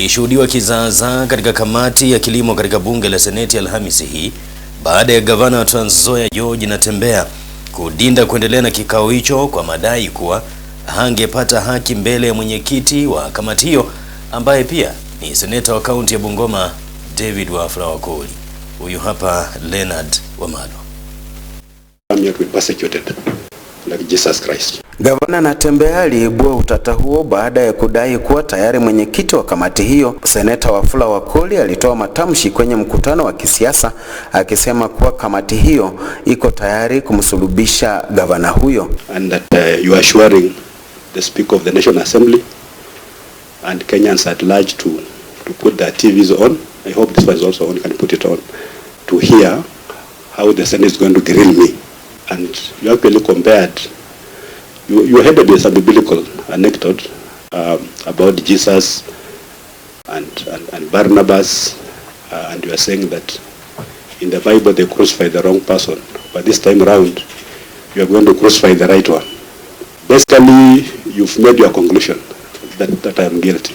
ulishuhudiwa kizaazaa katika kamati ya kilimo katika bunge la seneti Alhamisi hii baada ya gavana wa Trans Nzoia George Natembeya kudinda kuendelea na kikao hicho kwa madai kuwa hangepata haki mbele ya mwenyekiti wa kamati hiyo ambaye pia ni seneta wa kaunti ya Bungoma David Wafula Wakoli. Huyu hapa Leonard Wamalo. I'm here to be persecuted like Jesus Christ. Gavana Natembeya aliibua utata huo baada ya kudai kuwa tayari mwenyekiti wa kamati hiyo Seneta Wafula Wakoli alitoa matamshi kwenye mkutano wa kisiasa akisema kuwa kamati hiyo iko tayari kumsulubisha gavana huyo. And that, uh, you are assuring the Speaker of the National Assembly and Kenyans at large to, to put their TVs on. I hope this one is also on, can put it on, to hear how the Senate is going to grill me. And you have been compared You, you headed with a biblical anecdote uh, about Jesus and, and, and Barnabas, uh, and you are saying that in the Bible they crucified the wrong person, but this time around you are going to crucify the right one. Basically, you've made your conclusion that, that I am guilty.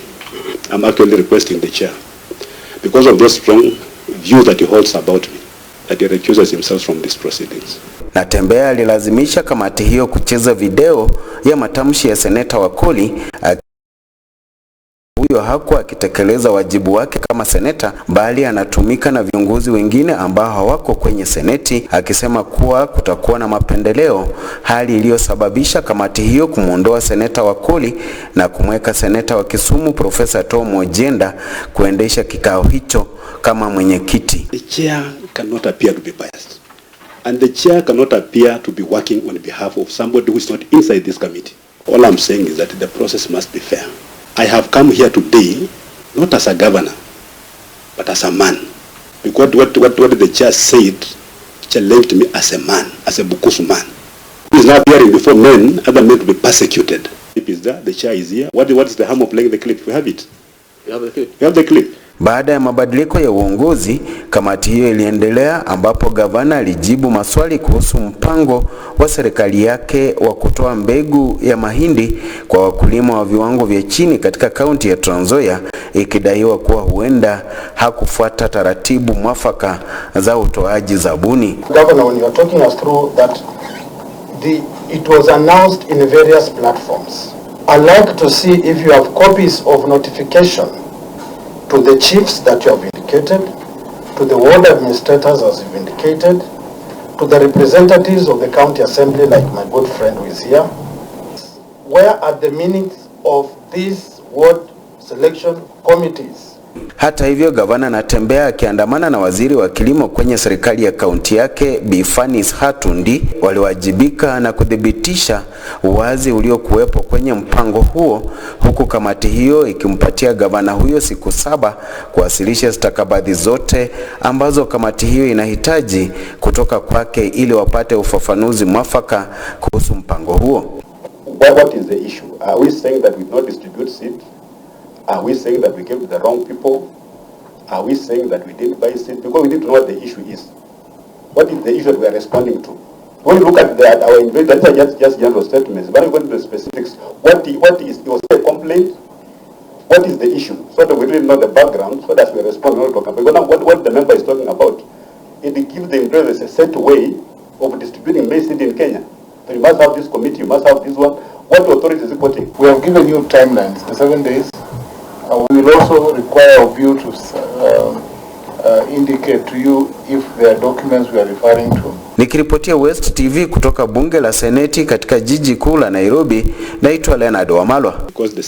I'm actually requesting the chair because of those strong view that he holds about me that he recuses himself from these proceedings. Natembeya alilazimisha kamati hiyo kucheza video ya matamshi ya seneta Wakoli huyo hakuwa akitekeleza wajibu wake kama seneta bali anatumika na viongozi wengine ambao hawako kwenye seneti, akisema kuwa kutakuwa na mapendeleo, hali iliyosababisha kamati hiyo kumwondoa seneta Wakoli na kumweka seneta wa Kisumu Profesa Tom ojenda kuendesha kikao hicho kama mwenyekiti. The chair cannot appear to be biased. And the chair cannot appear to be working on behalf of somebody who is not inside this committee. All I'm saying is that the process must be fair. I have come here today not as a governor, but as a man. Because what, what, what the chair said challenged me as a man, as a Bukusu man. Who is now appearing before men, other men to be persecuted. If is there, the chair is here. What, what is the harm of playing the clip? We have it. We have the clip. We have the clip. Baada ya mabadiliko ya uongozi, kamati hiyo iliendelea ambapo gavana alijibu maswali kuhusu mpango wa serikali yake wa kutoa mbegu ya mahindi kwa wakulima wa viwango vya chini katika kaunti ya Trans Nzoia, ikidaiwa kuwa huenda hakufuata taratibu mwafaka za utoaji zabuni. Governor, when you are talking us through that the, it was announced in various platforms. I like to see if you have copies of notification to the chiefs that you have indicated, to the ward administrators as you've indicated, to the representatives of the county assembly like my good friend who is here, where are the meanings of these ward selection committees? Hata hivyo, gavana anatembea akiandamana na waziri wa kilimo kwenye serikali ya kaunti yake bifanis Hatundi waliwajibika na kudhibitisha uwazi uliokuwepo kwenye mpango huo, huku kamati hiyo ikimpatia gavana huyo siku saba kuwasilisha stakabadhi zote ambazo kamati hiyo inahitaji kutoka kwake ili wapate ufafanuzi mwafaka kuhusu mpango huo. What is the issue? Are we saying that we don't distribute seed? Are we saying that we gave to the wrong people? Are we saying that we didn't buy seed? Because we didn't know what the issue is. What is the issue that we are responding to? When you look at that, our investors, that's just, just general statements. But you go into the specifics. What, what is, was a complaint? What is the issue? So that we really know the background, so that we respond when talk about. Because now what, what the member is talking about, it gives the investors a set way of distributing maize seed in Kenya. So you must have this committee, you must have this one. What authority is quoting? We have given you timelines, the seven days, Uh, we will also require of you to uh, uh, indicate to you if there are documents we are referring to. Nikiripotia West TV kutoka bunge la seneti katika jiji kuu la Nairobi, naitwa Leonard Wamalwa.